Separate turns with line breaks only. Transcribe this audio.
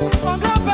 Forgot